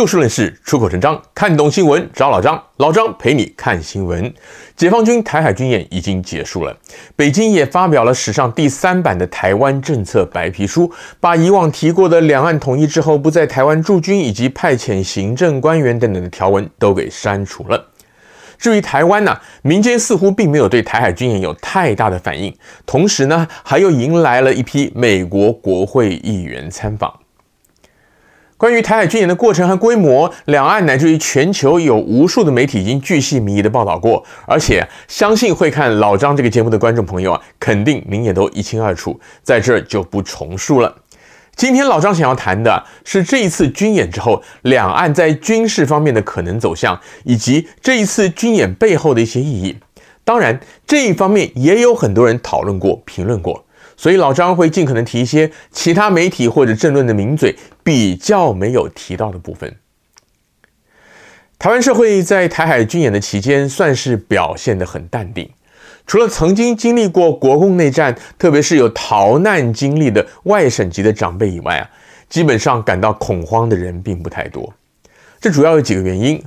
就事論事，出口成章。看懂新聞找老張，老張陪你看新聞。解放軍台海軍演已經結束了，北京也發表了史上第三版的台灣政策白皮書，把以往提過的兩岸統一之後不在台灣駐軍以及派遣行政官員等等的條文都給刪除了。至於台灣呢、啊，民間似乎並沒有對台海軍演有太大的反應，同時呢，還又迎來了一批美國國會議員參訪。關於台海軍演的過程和規模，兩岸乃至於全球有無數的媒體已經巨細靡遺的報道過，而且相信會看老張這個節目的觀眾朋友啊，肯定您也都一清二楚，在這兒就不重述了。今天老張想要談的是這一次軍演之後，兩岸在軍事方面的可能走向，以及這一次軍演背後的一些意義。當然，這一方面也有很多人討論過、評論過。所以老章會盡可能提一些其他媒體或者政論的名嘴，比較沒有提到的部分。台灣社會在台海軍演的期間算是表現得很淡定，除了曾經經歷過國共內戰，特別是有逃難經歷的外省籍的長輩以外啊，基本上感到恐慌的人並不太多。這主要有幾個原因。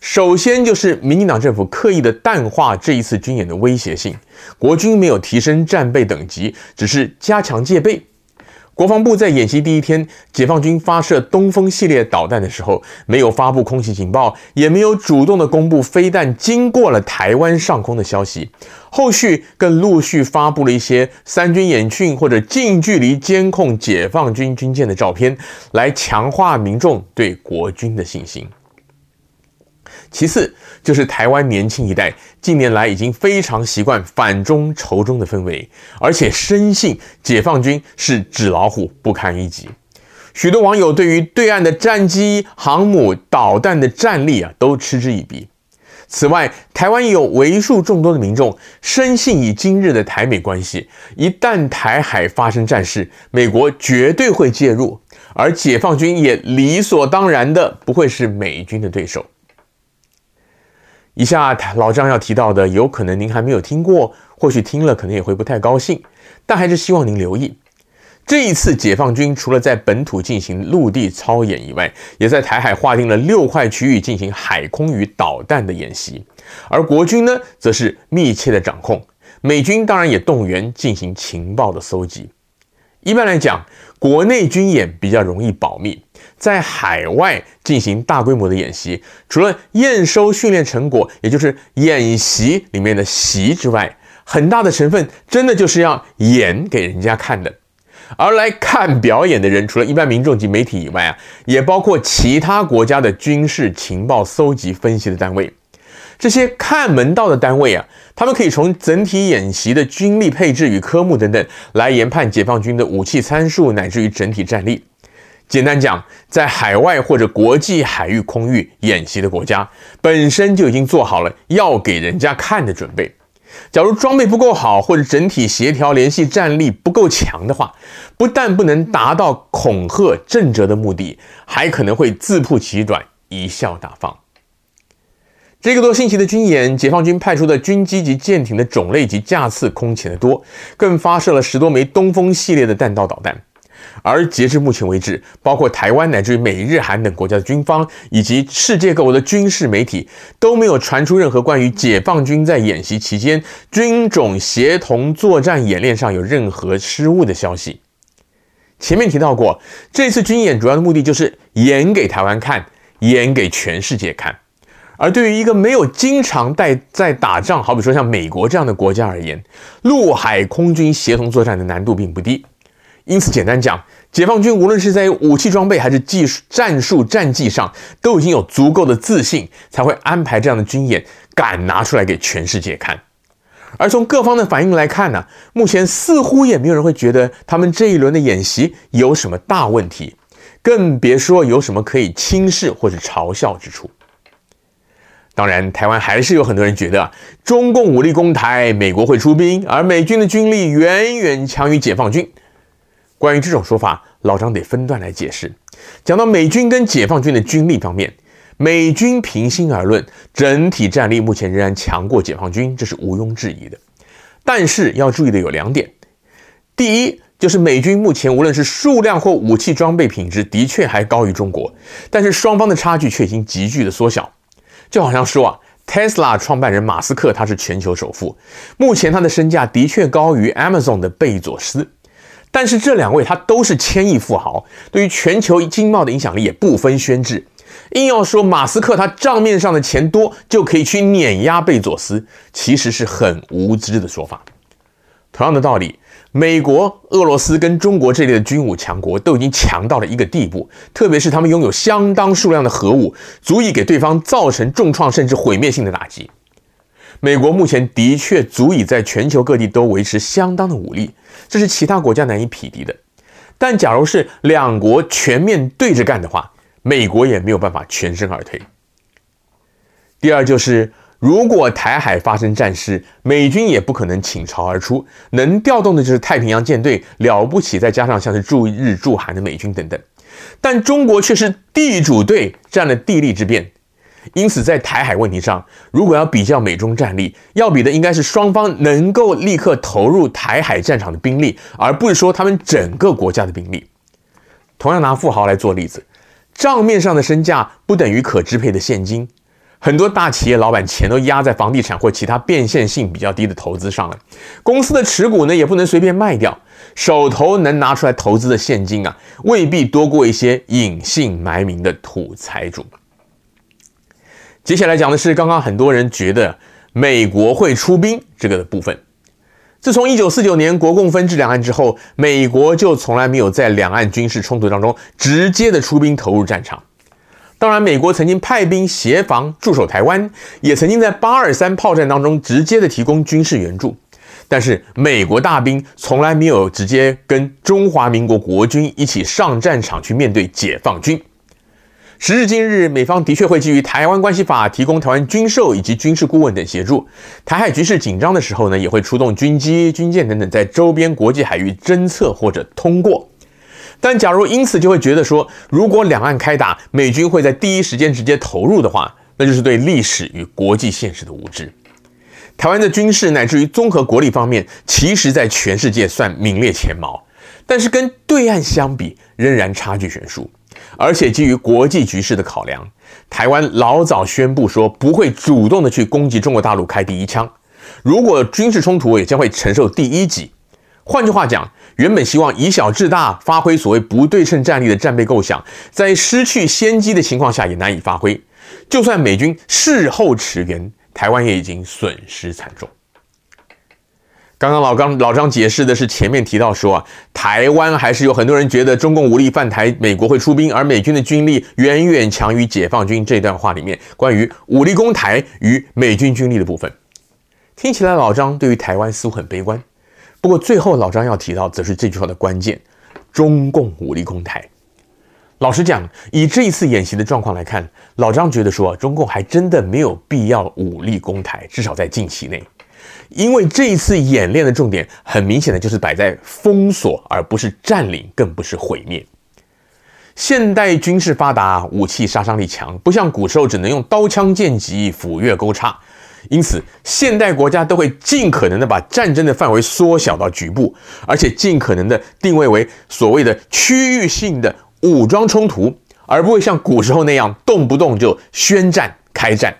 首先就是民進黨政府刻意的淡化這一次軍演的威脅性，國軍沒有提升戰備等級，只是加強戒備。國防部在演習第一天，解放軍發射東風系列導彈的時候，沒有發布空襲警報，也沒有主動的公布飛彈經過了台灣上空的消息。後續更陸續發布了一些三軍演訓或者近距離監控解放軍軍艦的照片，來強化民眾對國軍的信心。其次，就是台灣年輕一代近年來已經非常習慣反中仇中的氛圍，而且深信解放軍是紙老虎，不堪一擊。許多網友對於對岸的戰機、航母、導彈的戰力啊，都嗤之以鼻。此外，台灣有為數眾多的民眾深信，以今日的台美關係，一旦台海發生戰事，美國絕對會介入，而解放軍也理所當然的不會是美軍的對手。以下老張要提到的，有可能您還沒有聽過，或許聽了可能也會不太高興，但還是希望您留意。這一次解放軍除了在本土進行陸地操演以外，也在台海劃定了六塊區域進行海空與導彈的演習，而國軍呢，則是密切的掌控，美軍當然也動員進行情報的蒐集。一般來講，國內軍演比較容易保密。在海外進行大規模的演習，除了驗收訓練成果，也就是演習裡面的“習”之外，很大的成分真的就是要演給人家看的。而來看表演的人，除了一般民眾及媒體以外啊，也包括其他國家的軍事情報蒐集分析的單位。這些看門道的單位啊，他們可以從整體演習的軍力配置與科目等等，來研判解放軍的武器參數，乃至於整體戰力。簡單講，在海外或者國際海域空域演習的國家，本身就已經做好了要給人家看的準備。假如裝備不夠好，或者整體協調聯繫戰力不夠強的話，不但不能達到恐嚇震懾的目的，還可能會自曝其短，貽笑大方。這個多星期的軍演，解放軍派出的軍機及艦艇的種類及架次空前的多，更發射了十多枚東風系列的彈道導彈。而截至目前為止，包括台灣乃至於美日韓等國家的軍方以及世界各國的軍事媒體都沒有傳出任何關於解放軍在演習期間軍種協同作戰演練上有任何失誤的消息。前面提到過，這次軍演主要的目的就是演給台灣看，演給全世界看。而對於一個沒有經常帶在打仗，好比說像美國這樣的國家而言，陸海空軍協同作戰的難度並不低。因此，簡單講，解放軍無論是在武器裝備還是技術、戰術戰績上，都已經有足夠的自信，才會安排這樣的軍演，敢拿出來給全世界看。而從各方的反應來看呢、啊，目前似乎也沒有人會覺得他們這一輪的演習有什麼大問題，更別說有什麼可以輕視或者嘲笑之處。當然，台灣還是有很多人覺得，中共武力攻台，美國會出兵，而美軍的軍力遠遠遠強於解放軍。關於這種說法，老章得分段來解釋。講到美軍跟解放軍的軍力方面，美軍平心而論，整體戰力目前仍然強過解放軍，這是毋庸置疑的。但是要注意的有兩點：第一，就是美軍目前無論是數量或武器裝備品質，的確還高於中國，但是雙方的差距卻已經急劇的縮小。就好像說啊，Tesla 創辦人馬斯克他是全球首富，目前他的身價的確高於 Amazon 的貝佐斯。但是這兩位他都是千億富豪，對於全球經貿的影響力也不分軒輊，硬要說馬斯克他賬面上的錢多就可以去碾壓貝佐斯，其實是很無知的說法。同樣的道理，美國、俄羅斯跟中國這類的軍武強國都已經強到了一個地步，特別是他們擁有相當數量的核武，足以給對方造成重創甚至毀滅性的打擊。美國目前的確足以在全球各地都維持相當的武力，這是其他國家難以匹敵的。但假如是兩國全面對着幹的話，美國也沒有辦法全身而退。第二就是，如果台海發生戰事，美軍也不可能傾巢而出，能調動的就是太平洋艦隊，了不起，再加上像是駐日、駐韓的美軍等等。但中國卻是地主隊，占了地利之便。因此，在台海問題上，如果要比較美中戰力，要比的應該是雙方能夠立刻投入台海戰場的兵力，而不是說他們整個國家的兵力。同樣拿富豪來做例子，賬面上的身價不等於可支配的現金。很多大企業老板錢都壓在房地產或其他變現性比較低的投資上了，公司的持股呢也不能隨便賣掉，手頭能拿出來投資的現金啊，未必多過一些隱姓埋名的土財主。接下來講的是剛剛很多人覺得美國會出兵這個的部分。自從一九四九年國共分治兩岸之後，美國就從來沒有在兩岸軍事衝突當中直接的出兵投入戰場。當然，美國曾經派兵協防駐守台灣，也曾經在八二三炮戰當中直接的提供軍事援助，但是美國大兵從來沒有直接跟中華民國國軍一起上戰場去面對解放軍。時至今日，美方的確會基於《台灣關係法》提供台灣軍售以及軍事顧問等協助。台海局勢緊張的時候呢，也會出動軍機、軍艦等等，在周邊國際海域偵測，測或者通過。但假如因此就會覺得說，如果兩岸開打，美軍會在第一時間直接投入的話，那就是對歷史與國際現實的無知。台灣的軍事乃至於綜合國力方面，其實在全世界算名列前茅，但是跟對岸相比，仍然差距懸殊。而且基於國際局勢的考量，台灣老早宣布說不會主動的去攻擊中國大陸開第一槍，如果軍事衝突，也將會承受第一擊。換句話講，原本希望以小制大，發揮所謂不對稱戰力的戰備構想，在失去先機的情況下也難以發揮。就算美軍事後馳援，台灣也已經損失慘重。剛剛老剛老張解釋的是前面提到說啊，台灣還是有很多人覺得中共武力犯台，美國會出兵，而美軍的軍力遠遠強於解放軍。這段話裡面關於武力攻台與美軍軍力的部分，聽起來老張對於台灣似乎很悲觀。不過最後老張要提到則是這句話的關鍵：中共武力攻台。老實講，以這一次演習的狀況來看，老張覺得說中共還真的沒有必要武力攻台，至少在近期內。因為這一次演練的重點，很明顯的就是擺在封鎖，而不是占領，更不是毀滅。現代軍事發達，武器殺傷力強，不像古時候只能用刀槍劍戟斧钺鈎叉。因此，現代國家都會盡可能的把戰爭的範圍縮小到局部，而且盡可能的定位為所謂的區域性的武裝衝突，而不會像古時候那樣動不動就宣戰開戰。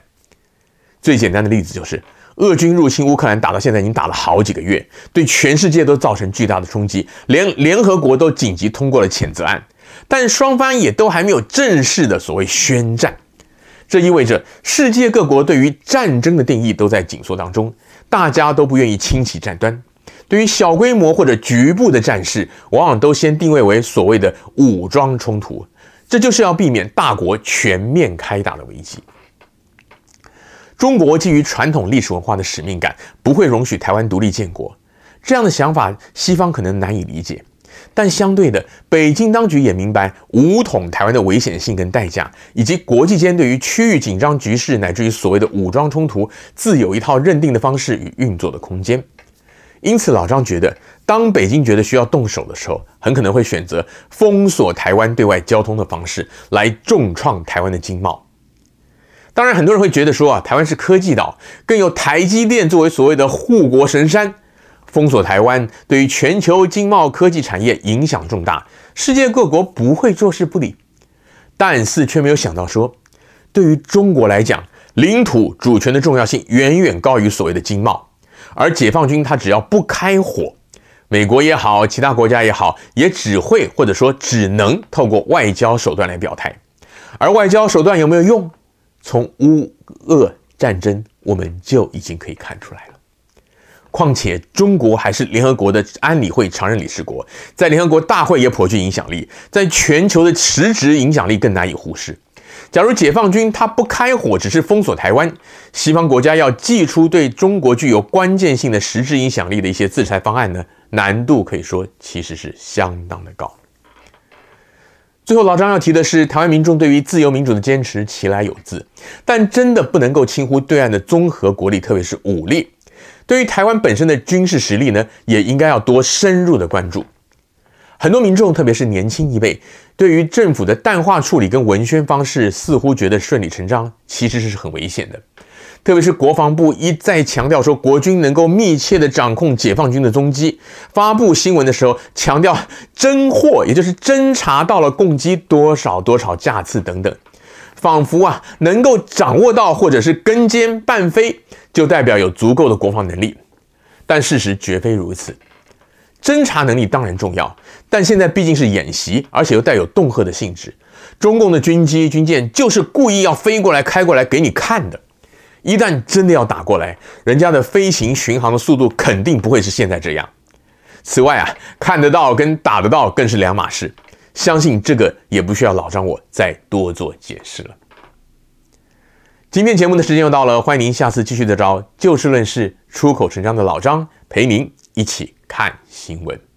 最簡單的例子就是。俄軍入侵烏克蘭打到現在已經打了好幾個月，對全世界都造成巨大的衝擊，連聯合國都緊急通過了譴責案，但雙方也都還沒有正式的所謂宣戰，這意味着世界各國對於戰爭的定義都在緊縮當中，大家都不願意輕啟戰端，對於小規模或者局部的戰事，往往都先定位為所謂的武裝衝突，這就是要避免大國全面開打的危機。中國基於傳統歷史文化的使命感，不會容許台灣獨立建國這樣的想法，西方可能難以理解。但相對的，北京當局也明白武統台灣的危險性跟代價，以及國際間對於區域緊張局勢乃至於所謂的武裝衝突，自有一套認定的方式與運作的空間。因此，老章覺得，當北京覺得需要動手的時候，很可能會選擇封鎖台灣對外交通的方式來重創台灣的經貿。當然，很多人會覺得說啊，台灣是科技島，更有台積電作為所謂的護國神山，封鎖台灣對於全球經貿科技產業影響重大，世界各國不會坐視不理。但是卻沒有想到說，對於中國來講，領土主權的重要性遠遠高於所謂的經貿，而解放軍他只要不開火，美國也好，其他國家也好，也只會或者說只能透過外交手段來表態，而外交手段有沒有用？從烏俄戰爭，我們就已經可以看出來了。況且，中國還是聯合國的安理會常任理事國，在聯合國大會也頗具影響力，在全球的實質影響力更難以忽視。假如解放軍他不開火，只是封鎖台灣，西方國家要祭出對中國具有關鍵性的實質影響力的一些制裁方案呢？難度可以說其實是相當的高。最後，老張要提的是，台灣民眾對於自由民主的堅持，其來有自，但真的不能夠輕忽對岸的綜合國力，特別是武力。對於台灣本身的軍事實力呢，也應該要多深入的關注。很多民眾，特別是年輕一輩，對於政府的淡化處理跟文宣方式，似乎覺得順理成章，其實是很危險的。特別是國防部一再強調說，國軍能夠密切地掌控解放軍的蹤跡。發布新聞的時候強調偵獲，也就是偵察到了共機多少多少架次等等，仿佛啊能夠掌握到，或者是跟監伴飛，就代表有足夠的國防能力。但事實絕非如此，偵察能力當然重要，但現在畢竟是演習，而且又帶有恫嚇的性質。中共的軍機軍艦就是故意要飛過來、開過來給你看的。一旦真的要打過來，人家的飛行巡航的速度肯定不會是現在這樣。此外啊，看得到跟打得到更是兩碼事，相信這個也不需要老章我再多做解釋了。今天節目的時間又到了，歡迎您下次繼續的招，就事論事、出口成章的老章陪您一起看新聞。